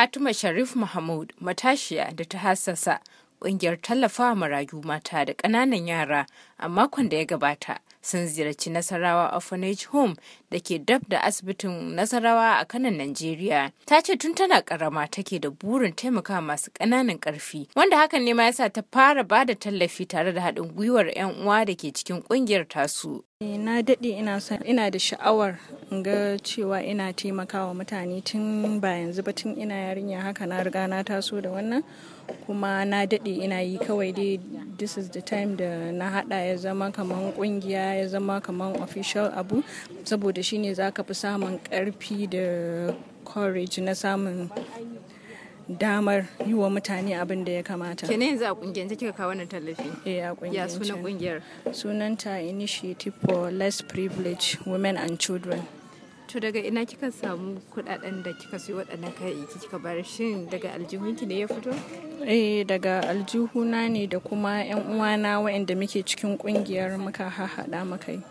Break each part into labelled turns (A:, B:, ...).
A: Fatima Sharif Mahmud matashiya da ta hasasa ƙungiyar tallafawa marayu mata da ƙananan yara a makon da ya gabata sun ziyarci Nasarawa Orphanage Home da ke dab da asibitin Nasarawa a kanan Najeriya. Ta ce tun tana ƙarama take da burin taimaka masu ƙananan ƙarfi, wanda hakan ne ma yasa ta fara ba da tallafi tare da haɗin gwiwar 'yan uwa da ke cikin ƙungiyar tasu.
B: Eh, na daɗe ina son ina da sha'awar in ga cewa ina taimakawa mutane tun ba yanzu ba tun ina yarinya haka na riga na taso da wannan kuma na daɗe ina yi kawai dai this is the time da na haɗa ya zama kaman ƙungiya ya zama kaman official abu saboda shine zaka fi samun ƙarfi da courage na samun. damar yi wa mutane abin da ya kamata. Kene
A: yanzu a kungiyar kika kawo wannan tallafi?
B: Eh a kungiyar. Ya sunan kungiyar? Sunanta Initiative for Less Privileged Women and Children. To
A: daga ina kika samu kudaden da kika siyo waɗannan kayayyaki kika bar shin daga aljihunki ne ya fito?
B: Eh daga aljihuna ne da kuma 'yan uwana waɗanda muke cikin kungiyar muka hahaɗa muka yi.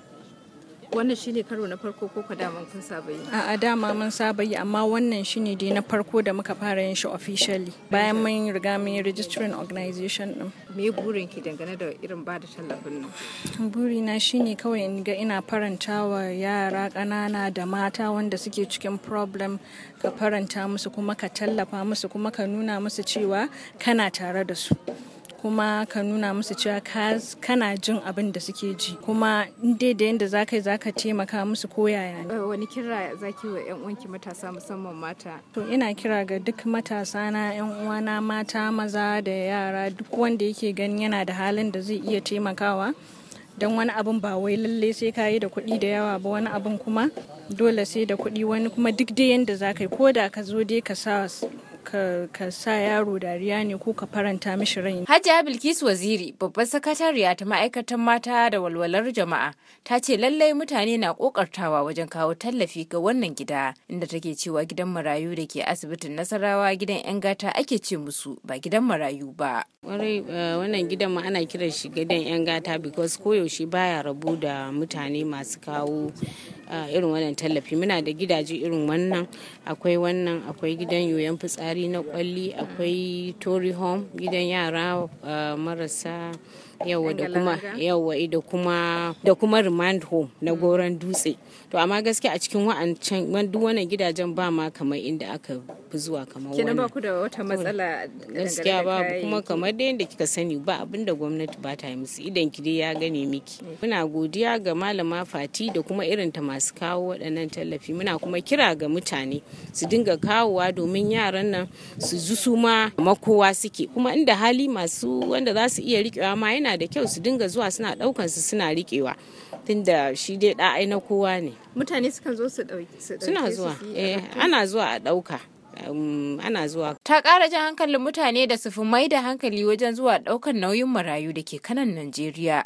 A: wannan shi ne karo na farko ko ka dama kun saba yi
B: a dama mun saba yi amma wannan ne dai na farko da muka fara yin shi officially bayan mun riga mun yi registering organization din me burin ki dangane
A: da irin bada tallafin
B: nan burina ne kawai in ga ina faranta wa yara ƙanana da mata wanda suke cikin problem ka faranta musu kuma ka tallafa musu kuma ka nuna musu cewa kana tare da su kuma ka nuna musu cewa kana jin abin da suke ji kuma dai da yadda za ka yi za ka taimaka musu koyaya ne.
A: Eh, wani kira za ki wa 'yan uwanki matasa musamman mata
B: to ina kira ga duk matasa na 'yan uwana mata maza da yara duk wanda yake gani yana da halin da zai iya taimakawa don wani abin ba wai lalle sai ka yi da kuɗi da yawa ba wani abin kuma dole sai da kuɗi wani kuma duk dai yadda za ka yi ko da ka zo dai ka sa ka sa yaro dariya ne ko ka faranta mishi rai. Hajiya Bilkisu Waziri
A: babbar sakatariya ta ma'aikatan mata da walwalar jama'a ta ce lallai mutane na kokartawa wajen kawo tallafi ga wannan gida inda take cewa gidan marayu da ke asibitin Nasarawa gidan 'yan gata ake ce musu ba gidan marayu ba.
C: Eh, wannan gidan ma ana kiran shi gidan 'yan gata because koyaushe baya rabu da mutane masu kawo irin wannan tallafi muna da gidaje irin wannan akwai wannan akwai gidan yoyon fitsari na kwalli akwai tori home gidan yara marasa yawa da kuma yawa da kuma da kuma remand home na mm. goron dutse to amma gaskiya a cikin wa'ancan duk wannan gidajen ba ma kamar inda aka fi zuwa kamar wannan ba ku
A: da wata matsala gaskiya ba kuma kamar
C: da yadda kika sani ba abin da gwamnati ba ta yi musu idan ki dai ya gane miki mm. muna godiya ga malama fati da kuma irin ta masu masu kawo waɗannan tallafi muna kuma kira ga mutane su dinga kawowa domin yaran nan su ji su ma makowa suke kuma inda hali masu wanda za su iya riƙewa ma yana da kyau su dinga zuwa suna ɗaukan su suna riƙewa tunda shi dai ɗa'ai na kowa ne
A: mutane sukan zo su ɗauki suna zuwa eh ana
C: zuwa a ɗauka um, ana zuwa.
A: Ta ƙara jan hankalin mutane da su fi mai da hankali wajen zuwa ɗaukar nauyin marayu da ke kanan Najeriya.